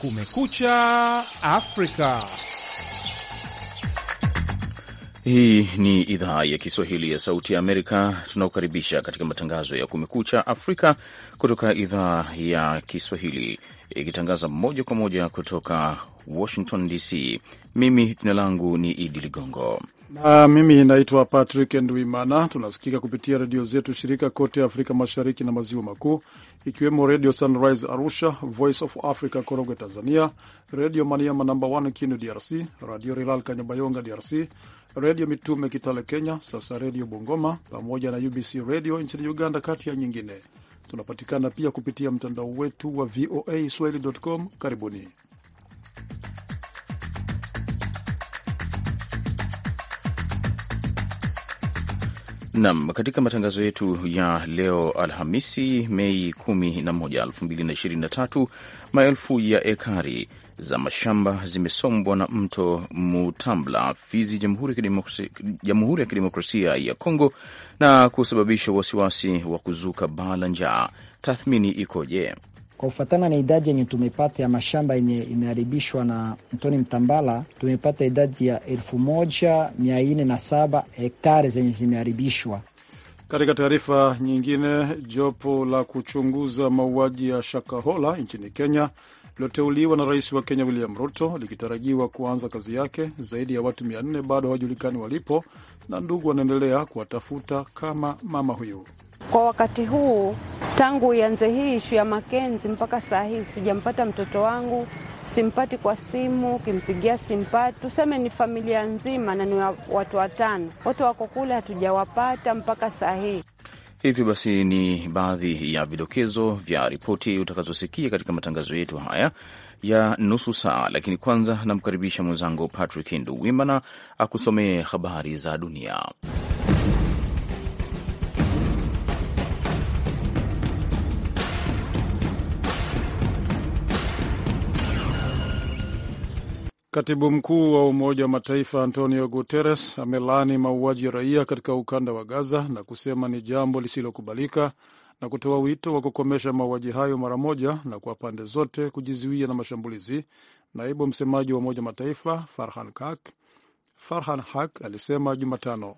Kumekucha Afrika. Hii ni idhaa ya Kiswahili ya Sauti ya Amerika. Tunakukaribisha katika matangazo ya Kumekucha Afrika kutoka idhaa ya Kiswahili ikitangaza moja kwa moja kutoka Washington DC. Mimi jina langu ni Idi Ligongo na mimi naitwa Patrick Ndwimana. Tunasikika kupitia redio zetu shirika kote Afrika Mashariki na Maziwa Makuu, ikiwemo Redio Sunrise Arusha, Voice of Africa Korogwe Tanzania, Redio Maniama namba 1 Kindu DRC, Radio Rilal Kanyabayonga DRC, Redio Mitume Kitale Kenya, sasa Redio Bungoma pamoja na UBC Redio nchini Uganda, kati ya nyingine. Tunapatikana pia kupitia mtandao wetu wa VOA Swahili.com. Karibuni. Nam, katika matangazo yetu ya leo Alhamisi, Mei 11, 2023, maelfu ya ekari za mashamba zimesombwa na mto Mutambla, Fizi, Jamhuri ya Kidemokrasia ya Kongo, na kusababisha wasiwasi wa kuzuka baa la njaa. Tathmini ikoje? Kwa kufuatana na idadi yenye tumepata ya mashamba yenye imeharibishwa na mtoni Mtambala, tumepata idadi ya elfu moja mia nne na saba hektare zenye zimeharibishwa. Katika taarifa nyingine, jopo la kuchunguza mauaji ya Shakahola nchini Kenya lilioteuliwa na rais wa Kenya William Ruto likitarajiwa kuanza kazi yake. Zaidi ya watu 4 bado hawajulikani walipo na ndugu wanaendelea kuwatafuta kama mama huyu. Kwa wakati huu tangu ianze hii ishu ya Makenzi mpaka saa hii sijampata mtoto wangu, simpati kwa simu, kimpigia simpati. Tuseme ni familia nzima na ni watu watano, wote wako kule, hatujawapata mpaka saa hii. Hivyo basi ni baadhi ya vidokezo vya ripoti utakazosikia katika matangazo yetu haya ya nusu saa, lakini kwanza namkaribisha mwenzangu Patrick Nduwimana akusomee habari za dunia. Katibu mkuu wa Umoja wa Mataifa Antonio Guterres amelaani mauaji ya raia katika ukanda wa Gaza na kusema ni jambo lisilokubalika na kutoa wito wa kukomesha mauaji hayo mara moja na kwa pande zote kujizuia na mashambulizi. Naibu msemaji wa Umoja wa Mataifa Farhan Haq, Farhan Haq alisema Jumatano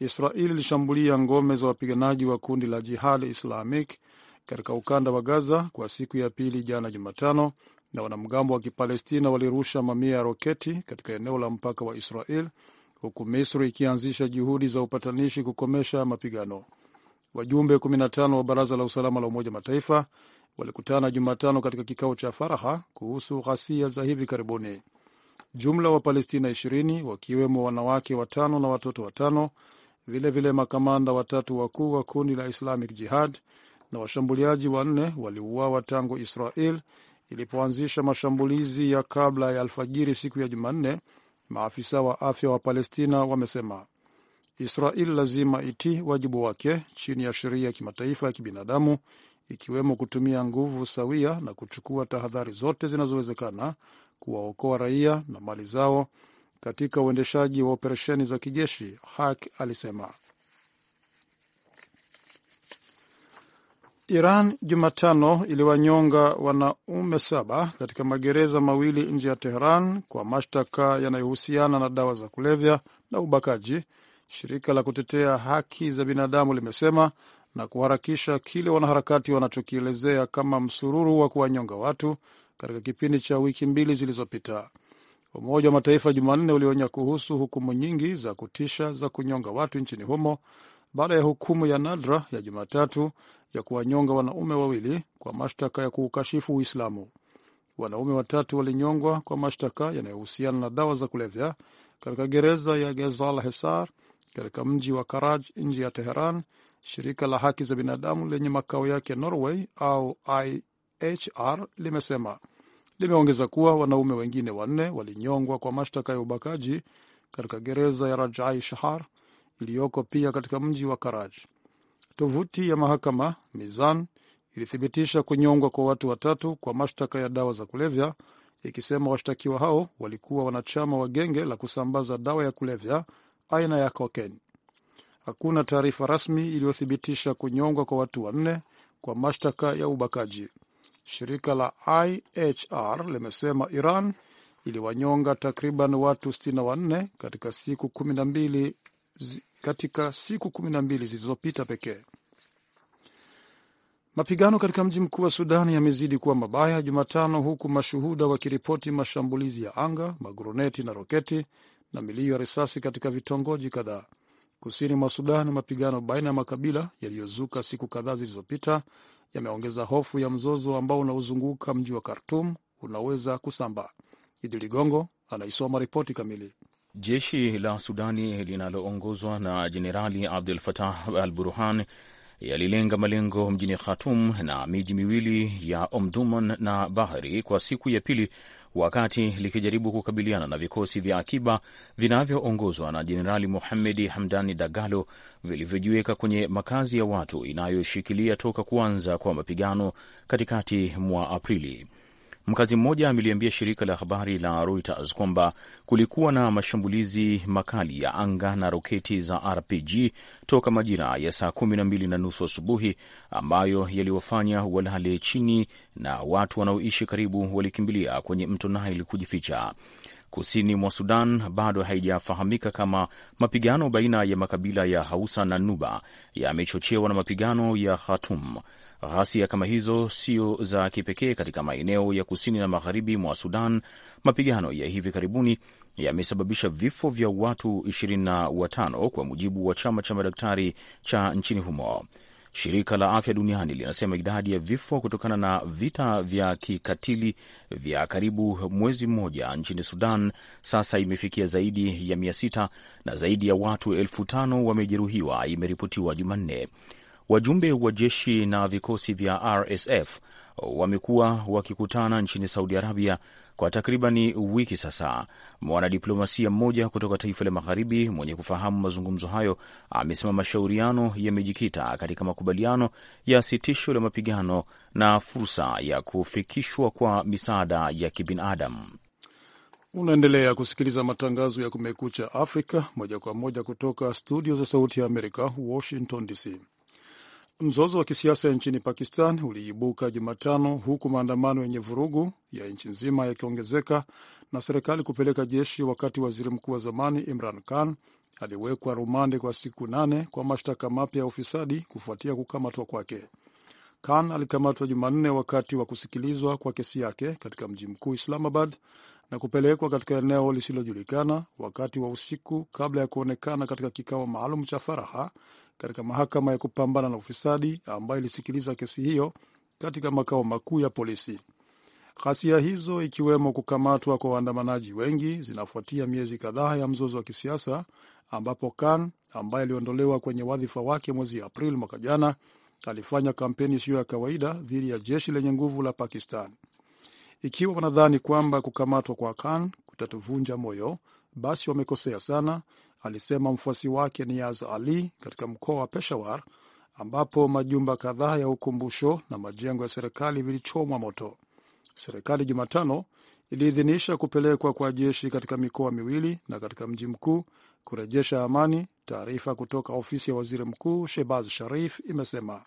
Israel ilishambulia ngome za wapiganaji wa kundi la Jihad Islamic katika ukanda wa Gaza kwa siku ya pili jana Jumatano na wanamgambo wa Kipalestina walirusha mamia ya roketi katika eneo la mpaka wa Israel, huku Misri ikianzisha juhudi za upatanishi kukomesha mapigano. Wajumbe 15 wa Baraza la Usalama la Umoja Mataifa walikutana Jumatano katika kikao cha faraha kuhusu ghasia za hivi karibuni. Jumla wa Palestina 20 wakiwemo wanawake watano na watoto watano, vilevile vile makamanda watatu wakuu wa kundi la Islamic Jihad na washambuliaji wanne waliuawa tangu Israel ilipoanzisha mashambulizi ya kabla ya alfajiri siku ya Jumanne, maafisa wa afya wa Palestina wamesema Israel lazima itii wajibu wake chini ya sheria ya kimataifa ya kibinadamu, ikiwemo kutumia nguvu sawia na kuchukua tahadhari zote zinazowezekana kuwaokoa raia na mali zao katika uendeshaji wa operesheni za kijeshi, Hak alisema. Iran Jumatano iliwanyonga wanaume saba katika magereza mawili nje ya Teheran kwa mashtaka yanayohusiana na dawa za kulevya na ubakaji, shirika la kutetea haki za binadamu limesema na kuharakisha kile wanaharakati wanachokielezea kama msururu wa kuwanyonga watu katika kipindi cha wiki mbili zilizopita. Umoja wa Mataifa Jumanne ulionya kuhusu hukumu nyingi za kutisha za kunyonga watu nchini humo baada ya hukumu ya nadra ya Jumatatu ya kuwanyonga wanaume wawili kwa mashtaka ya kuukashifu Uislamu. Wanaume watatu walinyongwa kwa mashtaka yanayohusiana na dawa za kulevya katika gereza ya Gezal Hesar katika mji wa Karaj nje ya Teheran. Shirika la haki za binadamu lenye makao yake Norway au IHR limesema limeongeza kuwa wanaume wengine wanne walinyongwa kwa mashtaka ya ubakaji katika gereza ya Rajai Shahar iliyoko pia katika mji wa Karaj. Tovuti ya mahakama Mizan ilithibitisha kunyongwa kwa watu watatu kwa mashtaka ya dawa za kulevya, ikisema washtakiwa hao walikuwa wanachama wa genge la kusambaza dawa ya kulevya aina ya cocaine. Hakuna taarifa rasmi iliyothibitisha kunyongwa kwa watu wanne kwa mashtaka ya ubakaji. Shirika la IHR limesema Iran iliwanyonga takriban watu 64 katika siku 12 katika siku kumi na mbili zilizopita pekee. Mapigano katika mji mkuu wa Sudan yamezidi kuwa mabaya Jumatano, huku mashuhuda wakiripoti mashambulizi ya anga, maguruneti na roketi na milio ya risasi katika vitongoji kadhaa kusini mwa sudani Mapigano baina ya makabila yaliyozuka siku kadhaa zilizopita yameongeza hofu ya mzozo ambao unaozunguka mji wa Khartum unaweza kusambaa. Idi Ligongo anaisoma ripoti kamili. Jeshi la Sudani linaloongozwa na Jenerali Abdul Fatah al Burhan yalilenga malengo mjini Khartoum na miji miwili ya Omdurman na Bahari kwa siku ya pili, wakati likijaribu kukabiliana na vikosi vya akiba vinavyoongozwa na Jenerali muhamedi Hamdani Dagalo vilivyojiweka kwenye makazi ya watu inayoshikilia toka kuanza kwa mapigano katikati mwa Aprili. Mkazi mmoja ameliambia shirika la habari la Reuters kwamba kulikuwa na mashambulizi makali ya anga na roketi za RPG toka majira ya saa kumi na mbili na nusu asubuhi ambayo yaliwafanya walale chini na watu wanaoishi karibu walikimbilia kwenye mto Nile kujificha. Kusini mwa Sudan bado haijafahamika kama mapigano baina ya makabila ya Hausa na Nuba yamechochewa na mapigano ya Khartoum Ghasia kama hizo sio za kipekee katika maeneo ya kusini na magharibi mwa Sudan. Mapigano ya hivi karibuni yamesababisha vifo vya watu 25 kwa mujibu wa chama cha madaktari cha nchini humo. Shirika la Afya Duniani linasema idadi ya vifo kutokana na vita vya kikatili vya karibu mwezi mmoja nchini Sudan sasa imefikia zaidi ya mia sita na zaidi ya watu elfu tano wamejeruhiwa, imeripotiwa Jumanne. Wajumbe wa jeshi na vikosi vya RSF wamekuwa wakikutana nchini Saudi Arabia kwa takribani wiki sasa. Mwanadiplomasia mmoja kutoka taifa la magharibi mwenye kufahamu mazungumzo hayo amesema mashauriano yamejikita katika makubaliano ya sitisho la mapigano na fursa ya kufikishwa kwa misaada ya kibinadamu. Unaendelea kusikiliza matangazo ya Kumekucha Afrika moja kwa moja kutoka studio za Sauti ya Amerika, Washington DC. Mzozo wa kisiasa nchini Pakistan uliibuka Jumatano, huku maandamano yenye vurugu ya nchi nzima yakiongezeka na serikali kupeleka jeshi, wakati waziri mkuu wa zamani Imran Khan aliwekwa rumande kwa siku nane kwa mashtaka mapya ya ufisadi kufuatia kukamatwa kwake. Khan alikamatwa Jumanne wakati wa kusikilizwa kwa kesi yake katika mji mkuu Islamabad na kupelekwa katika eneo lisilojulikana wakati wa usiku kabla ya kuonekana katika kikao maalum cha faraha katika mahakama ya kupambana na ufisadi ambayo ilisikiliza kesi hiyo katika makao makuu ya polisi. Ghasia hizo ikiwemo kukamatwa kwa waandamanaji wengi zinafuatia miezi kadhaa ya mzozo wa kisiasa ambapo Khan ambaye aliondolewa kwenye wadhifa wake mwezi Aprili mwaka jana alifanya kampeni isiyo ya kawaida dhidi ya jeshi lenye nguvu la Pakistan. Ikiwa wanadhani kwamba kukamatwa kwa Khan kutatuvunja moyo, basi wamekosea sana, alisema mfuasi wake Niaz Ali katika mkoa wa Peshawar, ambapo majumba kadhaa ya ukumbusho na majengo ya serikali vilichomwa moto. Serikali Jumatano iliidhinisha kupelekwa kwa jeshi katika mikoa miwili na katika mji mkuu kurejesha amani, taarifa kutoka ofisi ya waziri mkuu Shebaz Sharif imesema.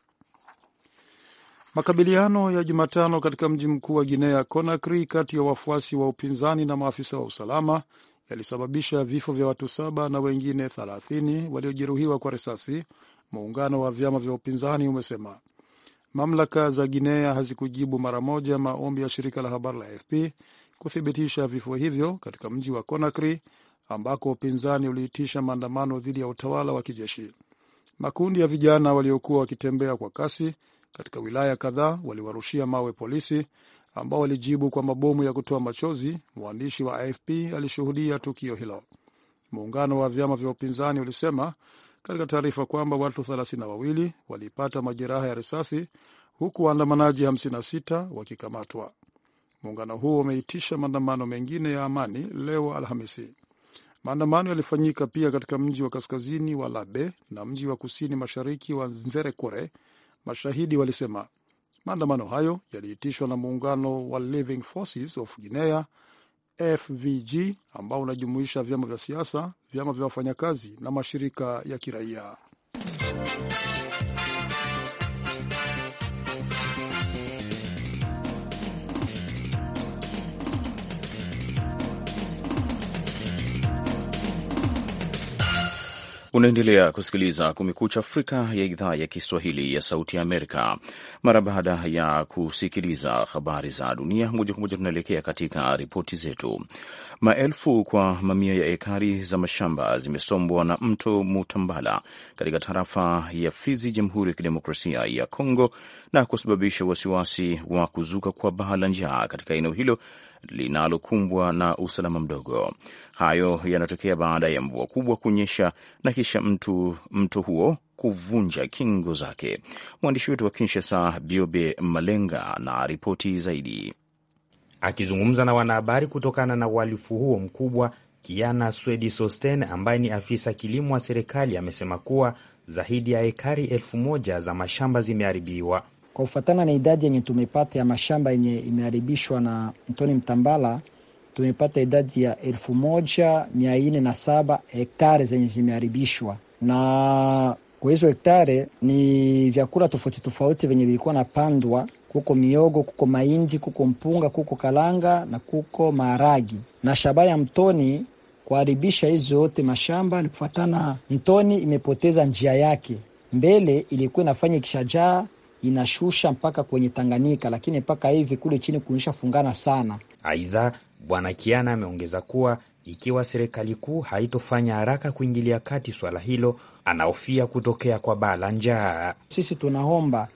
Makabiliano ya Jumatano katika mji mkuu wa Guinea Conakry kati ya wafuasi wa upinzani na maafisa wa usalama yalisababisha vifo vya watu saba na wengine 30 waliojeruhiwa kwa risasi, muungano wa vyama vya upinzani umesema. Mamlaka za Guinea hazikujibu mara moja maombi ya shirika la habari la AFP kuthibitisha vifo hivyo katika mji wa Conakry ambako upinzani uliitisha maandamano dhidi ya utawala wa kijeshi. Makundi ya vijana waliokuwa wakitembea kwa kasi katika wilaya kadhaa waliwarushia mawe polisi ambao walijibu kwa mabomu ya kutoa machozi. Mwandishi wa AFP alishuhudia tukio hilo. Muungano wa vyama vya upinzani ulisema katika taarifa kwamba watu 32 walipata majeraha ya risasi huku waandamanaji 56 wakikamatwa. Muungano huo umeitisha maandamano mengine ya amani leo Alhamisi. Maandamano yalifanyika pia katika mji wa kaskazini wa Labe na mji wa kusini mashariki wa Nzerekore Mashahidi walisema maandamano hayo yaliitishwa na muungano wa Living Forces of Guinea FVG ambao unajumuisha vyama vya siasa, vyama vya wafanyakazi na mashirika ya kiraia. Unaendelea kusikiliza Kumekucha Afrika ya idhaa ya Kiswahili ya Sauti ya Amerika. Mara baada ya kusikiliza habari za dunia moja kwa moja, tunaelekea katika ripoti zetu. Maelfu kwa mamia ya ekari za mashamba zimesombwa na mto Mutambala katika tarafa ya Fizi, Jamhuri ya Kidemokrasia ya Kongo, na kusababisha wasiwasi wa kuzuka kwa baa la njaa katika eneo hilo linalokumbwa na usalama mdogo. Hayo yanatokea baada ya mvua kubwa kunyesha na kisha mtu, mto huo kuvunja kingo zake. Mwandishi wetu wa Kinshasa Biobe Malenga na ripoti zaidi. Akizungumza na wanahabari kutokana na uhalifu huo mkubwa, Kiana Swedi Sosten ambaye ni afisa kilimo wa serikali amesema kuwa zaidi ya ekari elfu moja za mashamba zimeharibiwa. Kwa kufuatana na idadi yenye tumepata ya mashamba yenye imeharibishwa na Mtoni Mtambala, tumepata idadi ya elfu moja mia nne na saba hektare zenye zimeharibishwa na kwa hizo hektare ni vyakula tofauti tofauti vyenye vilikuwa napandwa. Kuko miogo, kuko mahindi, kuko mpunga, kuko kalanga na kuko maharagi. Na shabaha ya mtoni kuharibisha hizo yote mashamba ni kufuatana, mtoni imepoteza njia yake. Mbele ilikuwa inafanya ikishajaa inashusha mpaka kwenye Tanganyika, lakini mpaka hivi kule chini kunisha fungana sana. Aidha, Bwana Kiana ameongeza kuwa ikiwa serikali kuu haitofanya haraka kuingilia kati swala hilo, anahofia kutokea kwa baa la njaa. Sisi tunaomba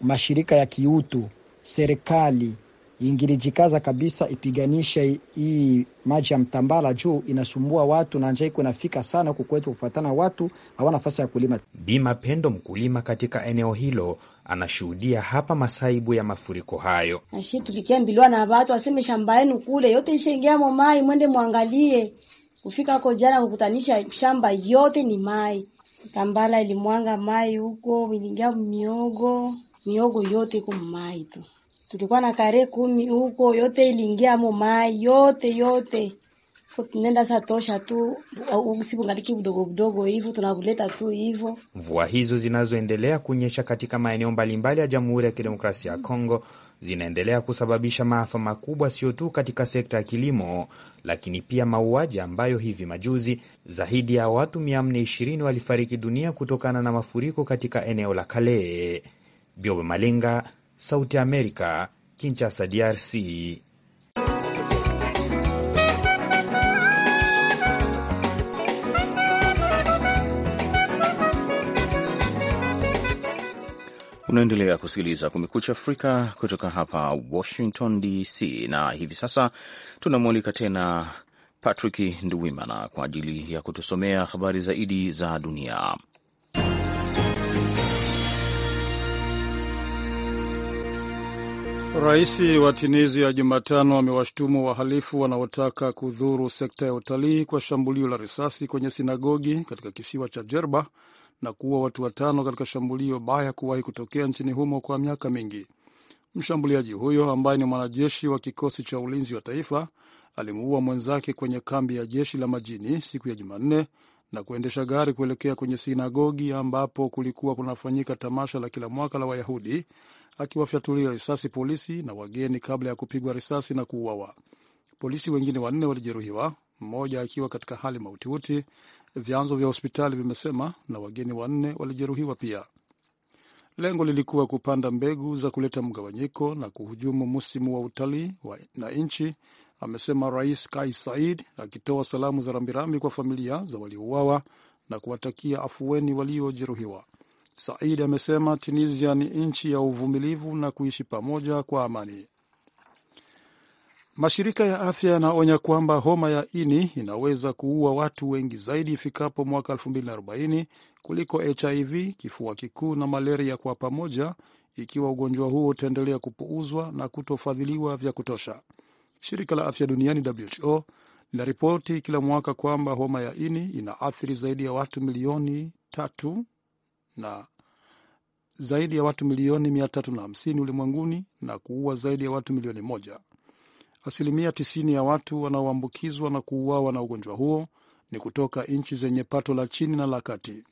mashirika ya kiutu, serikali ingilijikaza kabisa ipiganishe hii maji ya mtambala juu inasumbua watu na njaa iko inafika sana huku kwetu, kufuatana watu hawana nafasi ya kulima. Bima Pendo, mkulima katika eneo hilo, anashuhudia hapa masaibu ya mafuriko hayo. Ashi tulikiambiliwa na watu waseme shamba yenu kule yote ishaingia momai, mwende mwangalie. Kufika huko jana kukutanisha shamba yote ni mai, tambala ilimwanga mai huko, iliingia miogo, miogo yote iko mai tu tulikuwa na kare kumi huko, yote iliingia mo mai yote yote. Tunaenda sasa tosha tu usibungaliki vidogo vidogo hivyo tunavuleta tu hivyo. Mvua hizo zinazoendelea kunyesha katika maeneo mbalimbali ya Jamhuri ya Kidemokrasia ya Kongo zinaendelea kusababisha maafa makubwa, sio tu katika sekta ya kilimo, lakini pia mauaji ambayo hivi majuzi zaidi ya watu 420 walifariki dunia kutokana na mafuriko katika eneo la Kale. Biobe Malenga, Sauti ya Amerika, Kinshasa, DRC. Unaendelea kusikiliza Kumekucha Afrika kutoka hapa Washington DC, na hivi sasa tunamwalika tena Patrick Nduwimana kwa ajili ya kutusomea habari zaidi za dunia. Rais wa Tunisia Jumatano amewashtumu wahalifu wanaotaka kudhuru sekta ya utalii kwa shambulio la risasi kwenye sinagogi katika kisiwa cha Jerba na kuua watu watano katika shambulio baya kuwahi kutokea nchini humo kwa miaka mingi. Mshambuliaji huyo ambaye ni mwanajeshi wa kikosi cha ulinzi wa taifa alimuua mwenzake kwenye kambi ya jeshi la majini siku ya Jumanne na kuendesha gari kuelekea kwenye sinagogi ambapo kulikuwa kunafanyika tamasha la kila mwaka la Wayahudi akiwafyatulia risasi polisi na wageni kabla ya kupigwa risasi na kuuawa. Polisi wengine wanne walijeruhiwa, mmoja akiwa katika hali mautiuti, vyanzo vya hospitali vimesema, na wageni wanne walijeruhiwa pia. Lengo lilikuwa kupanda mbegu za kuleta mgawanyiko na kuhujumu musimu wa utalii na nchi, amesema Rais Kais Said akitoa salamu za rambirambi kwa familia za waliouawa na kuwatakia afueni waliojeruhiwa. Said amesema Tunisia ni nchi ya uvumilivu na kuishi pamoja kwa amani. Mashirika ya afya yanaonya kwamba homa ya ini inaweza kuua watu wengi zaidi ifikapo mwaka 2040 kuliko HIV, kifua kikuu na malaria kwa pamoja, ikiwa ugonjwa huo utaendelea kupuuzwa na kutofadhiliwa vya kutosha. Shirika la afya duniani WHO linaripoti kila mwaka kwamba homa ya ini inaathiri zaidi ya watu milioni tatu na zaidi ya watu milioni 350 ulimwenguni na kuua zaidi ya watu milioni moja. Asilimia 90 ya watu wanaoambukizwa na kuuawa na ugonjwa huo ni kutoka nchi zenye pato la chini na la kati.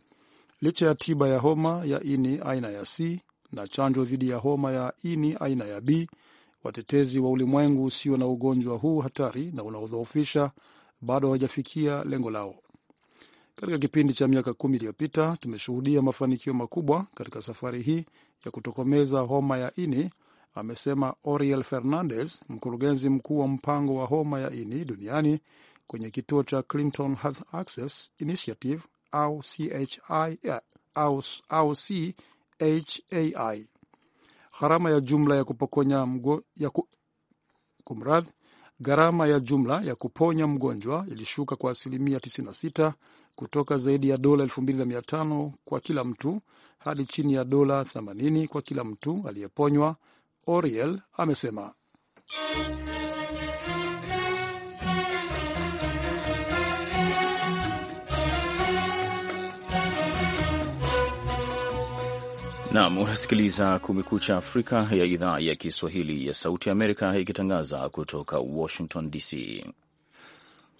Licha ya tiba ya homa ya ini aina ya C na chanjo dhidi ya homa ya ini aina ya B, watetezi wa ulimwengu usio na ugonjwa huu hatari na unaodhoofisha bado hawajafikia lengo lao. Katika kipindi cha miaka kumi iliyopita tumeshuhudia mafanikio makubwa katika safari hii ya kutokomeza homa ya ini, amesema Oriel Fernandez, mkurugenzi mkuu wa mpango wa homa ya ini duniani kwenye kituo cha Clinton Health Access Initiative au CHI, au, au CHAI. Gharama ya jumla ya kupokonya mgo, ya ku, kumradhi, gharama ya jumla ya kuponya mgonjwa ilishuka kwa asilimia 96 kutoka zaidi ya dola 2500 kwa kila mtu hadi chini ya dola 80 kwa kila mtu aliyeponywa, Oriel amesema. Nam, unasikiliza Kumekucha Afrika ya idhaa ya Kiswahili ya Sauti ya Amerika ikitangaza kutoka Washington DC.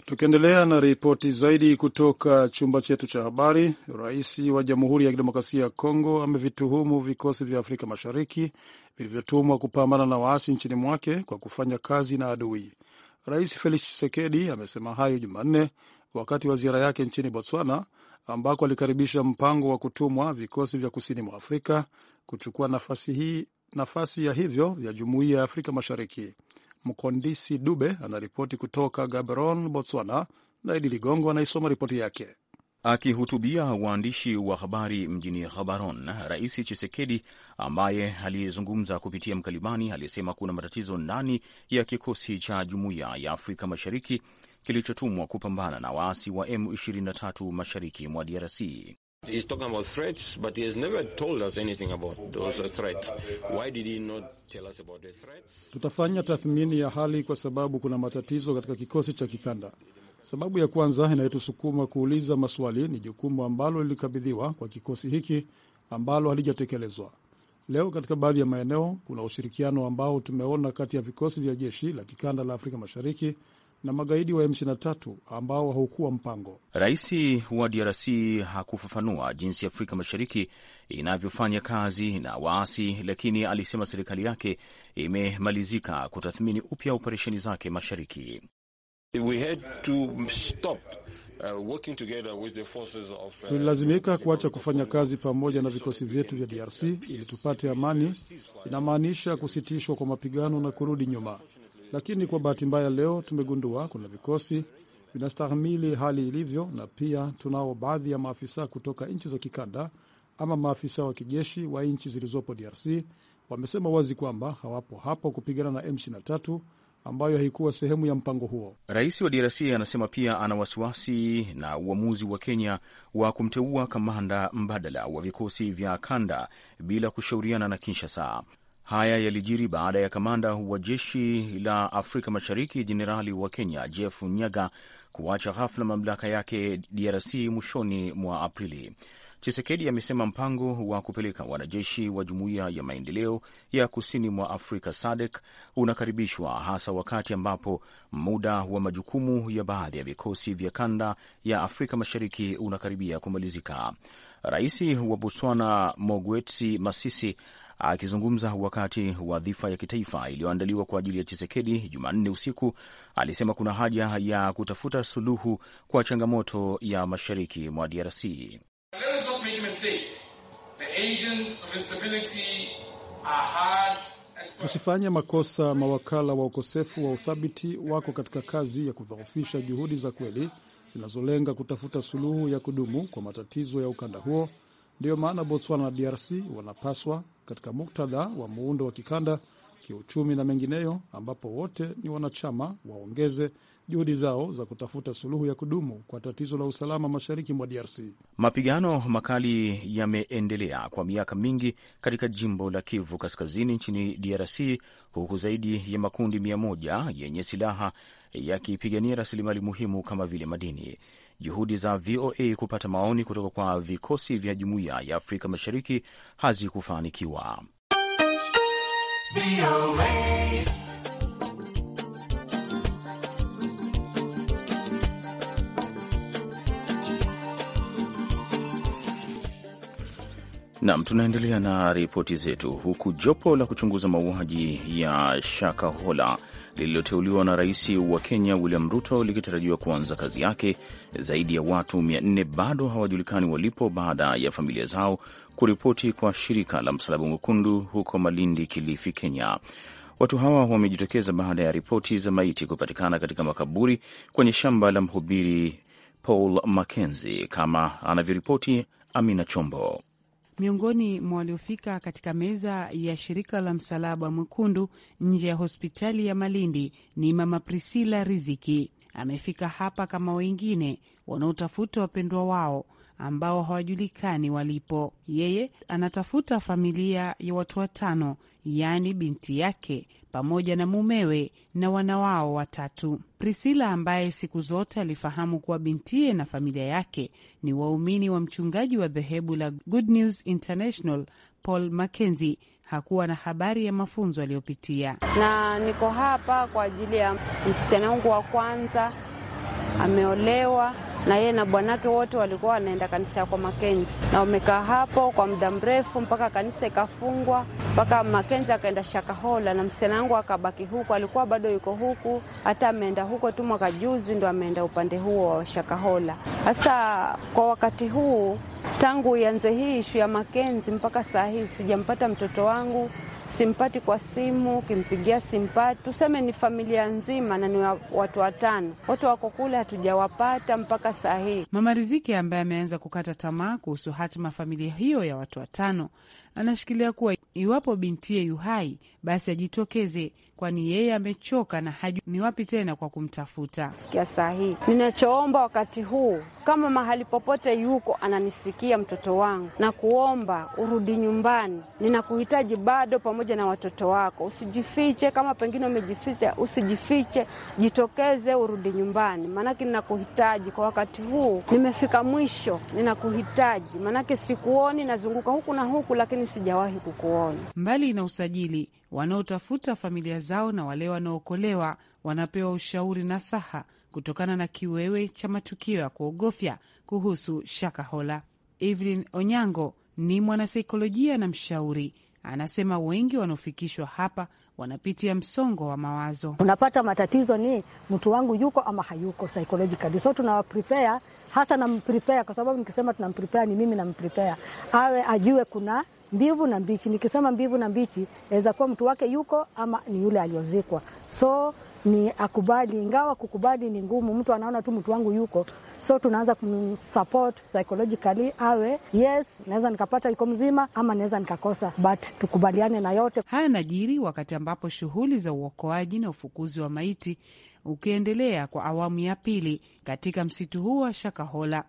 Tukiendelea na ripoti zaidi kutoka chumba chetu cha habari, rais wa Jamhuri ya Kidemokrasia ya Kongo amevituhumu vikosi vya Afrika Mashariki vilivyotumwa kupambana na waasi nchini mwake kwa kufanya kazi na adui. Rais Felix Tshisekedi amesema hayo Jumanne wakati wa ziara yake nchini Botswana, ambako alikaribisha mpango wa kutumwa vikosi vya kusini mwa Afrika kuchukua nafasi, hii, nafasi ya hivyo vya Jumuiya ya Afrika Mashariki. Mkondisi Dube anaripoti kutoka Gaborone, Botswana, na Idi Ligongo anaisoma ripoti yake. Akihutubia waandishi wa habari mjini Gaborone, Rais Chisekedi ambaye aliyezungumza kupitia mkalimani alisema kuna matatizo ndani ya kikosi cha Jumuiya ya Afrika Mashariki kilichotumwa kupambana na waasi wa M23 mashariki mwa DRC. He's talking about threats, but he has never told us anything about those threats. Why did he not tell us about the threats? Tutafanya tathmini ya hali kwa sababu kuna matatizo katika kikosi cha kikanda. Sababu ya kwanza inayotusukuma kuuliza maswali ni jukumu ambalo lilikabidhiwa kwa kikosi hiki ambalo halijatekelezwa. Leo katika baadhi ya maeneo kuna ushirikiano ambao tumeona kati ya vikosi vya jeshi la kikanda la Afrika Mashariki na magaidi wa M23 ambao haukuwa mpango. Rais wa DRC hakufafanua jinsi Afrika Mashariki inavyofanya kazi na waasi, lakini alisema serikali yake imemalizika kutathmini upya operesheni zake mashariki. We had to stop uh, uh, tulilazimika kuacha kufanya kazi pamoja na vikosi vyetu vya DRC ili tupate amani. Inamaanisha kusitishwa kwa mapigano na kurudi nyuma lakini kwa bahati mbaya leo tumegundua kuna vikosi vinastahimili hali ilivyo, na pia tunao baadhi ya maafisa kutoka nchi za kikanda ama maafisa wa kijeshi wa nchi zilizopo DRC wamesema wazi kwamba hawapo hapo kupigana na M23 ambayo haikuwa sehemu ya mpango huo. Rais wa DRC anasema pia ana wasiwasi na uamuzi wa Kenya wa kumteua kamanda mbadala wa vikosi vya kanda bila kushauriana na Kinshasa. Haya yalijiri baada ya kamanda wa jeshi la Afrika Mashariki jenerali wa Kenya Jeff Nyaga kuacha ghafla mamlaka yake DRC mwishoni mwa Aprili. Chisekedi amesema mpango wa kupeleka wanajeshi wa Jumuiya ya Maendeleo ya Kusini mwa Afrika SADC unakaribishwa hasa wakati ambapo muda wa majukumu ya baadhi ya vikosi vya kanda ya Afrika Mashariki unakaribia kumalizika. Rais wa Botswana Mogwetsi Masisi Akizungumza wakati wa dhifa ya kitaifa iliyoandaliwa kwa ajili ya Chisekedi Jumanne usiku, alisema kuna haja ya kutafuta suluhu kwa changamoto ya mashariki mwa DRC. Tusifanye makosa. Mawakala wa ukosefu wa uthabiti wako katika kazi ya kudhoofisha juhudi za kweli zinazolenga kutafuta suluhu ya kudumu kwa matatizo ya ukanda huo. Ndiyo maana Botswana na DRC wanapaswa katika muktadha wa muundo wa kikanda, kiuchumi na mengineyo, ambapo wote ni wanachama waongeze juhudi zao za kutafuta suluhu ya kudumu kwa tatizo la usalama mashariki mwa DRC. Mapigano makali yameendelea kwa miaka mingi katika jimbo la Kivu Kaskazini nchini DRC, huku zaidi ya makundi mia moja yenye silaha yakipigania rasilimali muhimu kama vile madini. Juhudi za VOA kupata maoni kutoka kwa vikosi vya Jumuiya ya Afrika Mashariki hazikufanikiwa. Nam, tunaendelea na, na ripoti zetu, huku jopo la kuchunguza mauaji ya Shakahola lililoteuliwa na rais wa Kenya William Ruto likitarajiwa kuanza kazi yake. Zaidi ya watu 400 bado hawajulikani walipo baada ya familia zao kuripoti kwa shirika la Msalaba Mwekundu huko Malindi, Kilifi, Kenya. Watu hawa wamejitokeza baada ya ripoti za maiti kupatikana katika makaburi kwenye shamba la mhubiri Paul Mackenzie, kama anavyoripoti Amina Chombo. Miongoni mwa waliofika katika meza ya shirika la Msalaba Mwekundu nje ya hospitali ya Malindi ni Mama Priscilla Riziki. Amefika hapa kama wengine wanaotafuta wapendwa wao ambao hawajulikani walipo. Yeye anatafuta familia ya watu watano, yaani binti yake pamoja na mumewe na wana wao watatu. Priscilla ambaye siku zote alifahamu kuwa bintiye na familia yake ni waumini wa mchungaji wa dhehebu la Good News International Paul Mackenzie hakuwa na habari ya mafunzo aliyopitia. Na niko hapa kwa ajili ya msichana wangu wa kwanza, ameolewa na yeye na bwanake wote walikuwa wanaenda kanisa ya kwa Makenzi, na wamekaa hapo kwa muda mrefu mpaka kanisa ikafungwa, mpaka Makenzi akaenda Shakahola na msichana wangu akabaki huku, alikuwa bado yuko huku, hata ameenda huko tu mwaka juzi ndo ameenda upande huo wa Shakahola. Sasa kwa wakati huu tangu ianze hii ishu ya Makenzi mpaka saa hii sijampata mtoto wangu simpati kwa simu, ukimpigia simpati, tuseme ni familia nzima na ni watu watano, wote wako kule, hatujawapata mpaka saa hii. Mama Riziki ambaye ameanza kukata tamaa kuhusu hatima familia hiyo ya watu watano, anashikilia kuwa iwapo bintie yuhai, basi ajitokeze kwani yeye amechoka na hajui ni wapi tena kwa kumtafuta. Sikia sahihi, ninachoomba wakati huu, kama mahali popote yuko ananisikia mtoto wangu, na kuomba urudi nyumbani, ninakuhitaji bado pamoja na watoto wako. Usijifiche, kama pengine umejificha, usijifiche, jitokeze, urudi nyumbani, maanake ninakuhitaji kwa wakati huu. Nimefika mwisho, ninakuhitaji maanake sikuoni, nazunguka huku na huku, lakini sijawahi kukuona. Mbali na usajili wanaotafuta familia zao na wale wanaookolewa wanapewa ushauri na saha kutokana na kiwewe cha matukio ya kuogofya kuhusu Shakahola. Evelyn Onyango ni mwanasaikolojia na mshauri anasema wengi wanaofikishwa hapa wanapitia msongo wa mawazo. Unapata matatizo ni mtu wangu yuko ama hayuko psychologically, so tunawaprepare hasa, nampripea kwa sababu nikisema tunamprepare ni mimi namprepare awe ajue kuna mbivu na mbichi. Nikisema mbivu na mbichi, aweza kuwa mtu wake yuko ama ni yule aliyozikwa. So ni akubali, ingawa kukubali ni ngumu. Mtu anaona tu mtu wangu yuko, so tunaanza kumsupport psychologically, awe yes, naweza nikapata iko mzima ama naweza nikakosa, but tukubaliane na yote haya. Najiri wakati ambapo shughuli za uokoaji na ufukuzi wa maiti ukiendelea kwa awamu ya pili katika msitu huo wa Shakahola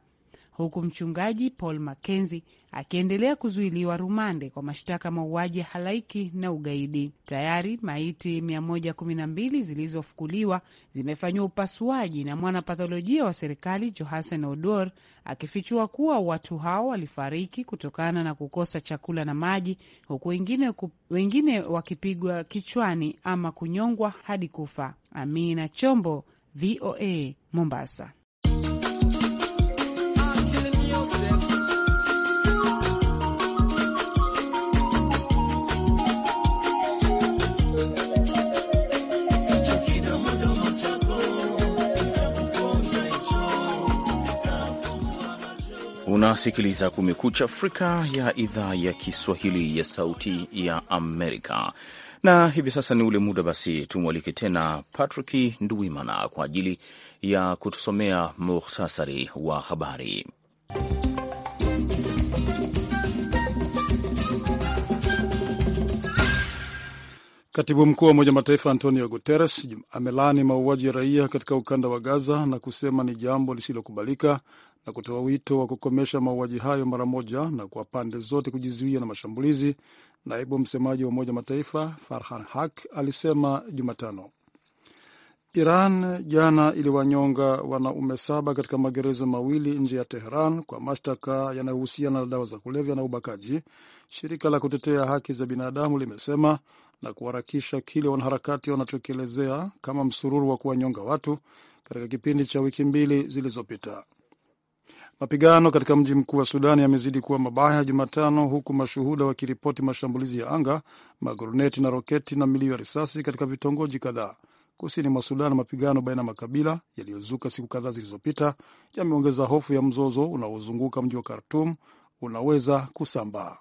huku mchungaji Paul Mackenzie akiendelea kuzuiliwa rumande kwa mashtaka mauaji ya halaiki na ugaidi. Tayari maiti 112 zilizofukuliwa zimefanyiwa upasuaji na mwanapatholojia wa serikali Johansen Odor akifichua kuwa watu hao walifariki kutokana na kukosa chakula na maji, huku wengine, wengine wakipigwa kichwani ama kunyongwa hadi kufa. Amina Chombo, VOA, Mombasa. Unasikiliza Kumekucha Afrika ya idhaa ya Kiswahili ya Sauti ya Amerika, na hivi sasa ni ule muda basi, tumwalike tena Patrick Nduwimana kwa ajili ya kutusomea muhtasari wa habari. Katibu mkuu wa Umoja Mataifa Antonio Guterres amelaani mauaji ya raia katika ukanda wa Gaza na kusema ni jambo lisilokubalika na kutoa wito wa kukomesha mauaji hayo mara moja na kwa pande zote kujizuia na mashambulizi. Naibu msemaji wa Umoja Mataifa Farhan Haq alisema Jumatano. Iran jana iliwanyonga wanaume saba katika magereza mawili nje ya Teheran kwa mashtaka yanayohusiana na dawa za kulevya na ubakaji, shirika la kutetea haki za binadamu limesema na kuharakisha kile wanaharakati wanachokielezea kama msururu wa kuwanyonga watu katika kipindi cha wiki mbili zilizopita. Mapigano katika mji mkuu wa Sudani yamezidi kuwa mabaya Jumatano, huku mashuhuda wakiripoti mashambulizi ya anga, maguruneti na roketi na milio ya risasi katika vitongoji kadhaa kusini mwa Sudan. Mapigano baina ya makabila yaliyozuka siku kadhaa zilizopita yameongeza hofu ya mzozo unaozunguka mji wa Khartum unaweza kusambaa.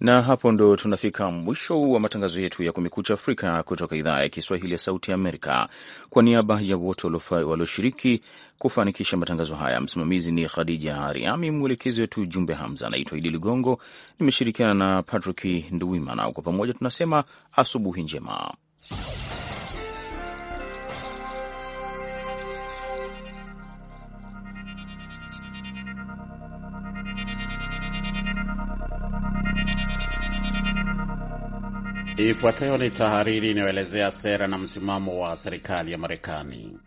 Na hapo ndo tunafika mwisho wa matangazo yetu ya Kumekucha Afrika kutoka idhaa ya Kiswahili ya Sauti ya Amerika. Kwa niaba ya wote walioshiriki kufanikisha matangazo haya, msimamizi ni Khadija Riami, mwelekezi wetu Jumbe Hamza. anaitwa Idi Ligongo, nimeshirikiana na Patrick Nduwimana. Kwa pamoja tunasema asubuhi njema. Ifuatayo ni tahariri inayoelezea sera na msimamo wa serikali ya Marekani.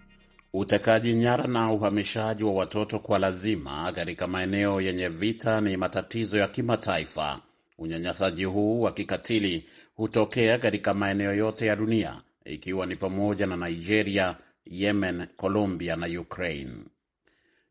Utekaji nyara na uhamishaji wa watoto kwa lazima katika maeneo yenye vita ni matatizo ya kimataifa. Unyanyasaji huu wa kikatili hutokea katika maeneo yote ya dunia, ikiwa ni pamoja na Nigeria, Yemen, Colombia na Ukraine.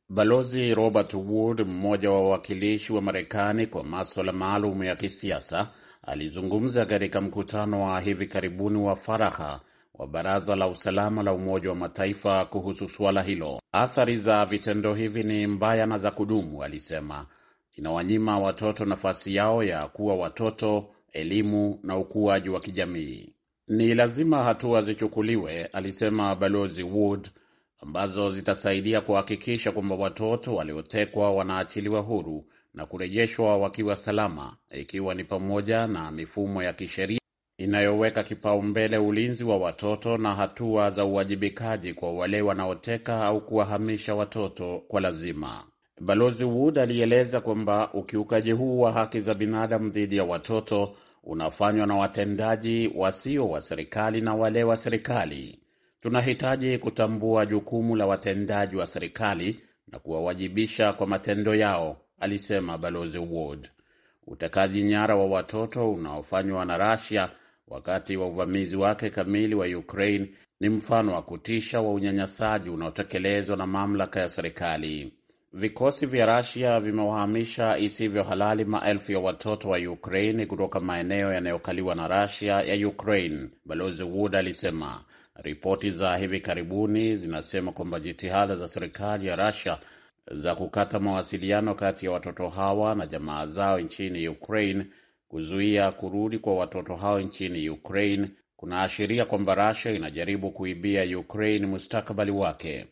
Balozi Robert Wood, mmoja wa wawakilishi wa Marekani kwa maswala maalum ya kisiasa, alizungumza katika mkutano wa hivi karibuni wa faraha wa Baraza la Usalama la Umoja wa Mataifa kuhusu suala hilo. Athari za vitendo hivi ni mbaya na za kudumu, alisema. Inawanyima watoto nafasi yao ya kuwa watoto, elimu na ukuaji wa kijamii. Ni lazima hatua zichukuliwe, alisema Balozi Wood, ambazo zitasaidia kuhakikisha kwamba watoto waliotekwa wanaachiliwa huru na kurejeshwa wakiwa salama, ikiwa ni pamoja na mifumo ya kisheria inayoweka kipaumbele ulinzi wa watoto na hatua za uwajibikaji kwa wale wanaoteka au kuwahamisha watoto kwa lazima. Balozi Wood alieleza kwamba ukiukaji huu wa haki za binadamu dhidi ya watoto unafanywa na watendaji wasio wa serikali na wale wa serikali. Tunahitaji kutambua jukumu la watendaji wa serikali na kuwawajibisha kwa matendo yao alisema Balozi Ward. Utekaji nyara wa watoto unaofanywa na rasia wakati wa uvamizi wake kamili wa Ukraine ni mfano wa kutisha wa unyanyasaji unaotekelezwa na mamlaka ya serikali. Vikosi vya rasia vimewahamisha isivyo halali maelfu ya watoto wa Ukraine kutoka maeneo yanayokaliwa na rasia ya Ukraine, Balozi Wood alisema. Ripoti za hivi karibuni zinasema kwamba jitihada za serikali ya Rasia za kukata mawasiliano kati ya watoto hawa na jamaa zao nchini Ukraine. Kuzuia kurudi kwa watoto hao nchini Ukraine kunaashiria kwamba Russia inajaribu kuibia Ukraine mustakabali wake.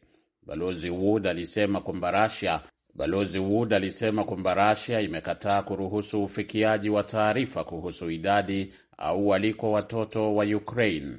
Balozi Wood alisema kwamba Russia Balozi Wood alisema kwamba Russia imekataa kuruhusu ufikiaji wa taarifa kuhusu idadi au waliko watoto wa Ukraine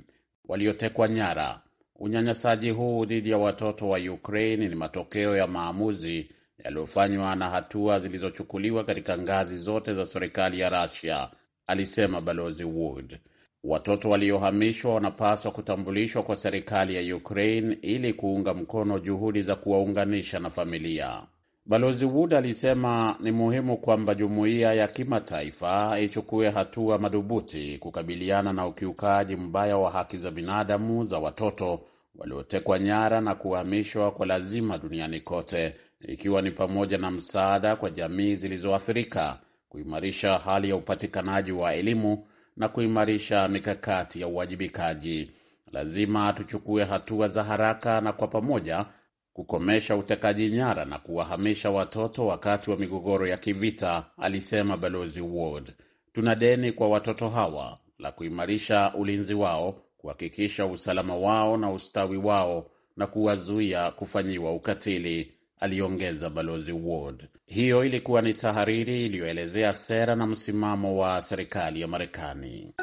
waliotekwa nyara. Unyanyasaji huu dhidi ya watoto wa Ukraine ni matokeo ya maamuzi yaliyofanywa na hatua zilizochukuliwa katika ngazi zote za serikali ya Russia, alisema Balozi Wood. Watoto waliohamishwa wanapaswa kutambulishwa kwa serikali ya Ukraine ili kuunga mkono juhudi za kuwaunganisha na familia. Balozi Wood alisema ni muhimu kwamba jumuiya ya kimataifa ichukue hatua madhubuti kukabiliana na ukiukaji mbaya wa haki za binadamu za watoto waliotekwa nyara na kuhamishwa kwa lazima duniani kote, ikiwa ni pamoja na msaada kwa jamii zilizoathirika, kuimarisha hali ya upatikanaji wa elimu na kuimarisha mikakati ya uwajibikaji. Lazima tuchukue hatua za haraka na kwa pamoja kukomesha utekaji nyara na kuwahamisha watoto wakati wa migogoro ya kivita, alisema Balozi Ward. Tuna deni kwa watoto hawa la kuimarisha ulinzi wao, kuhakikisha usalama wao na ustawi wao na kuwazuia kufanyiwa ukatili, aliongeza Balozi Ward. Hiyo ilikuwa ni tahariri iliyoelezea sera na msimamo wa serikali ya Marekani.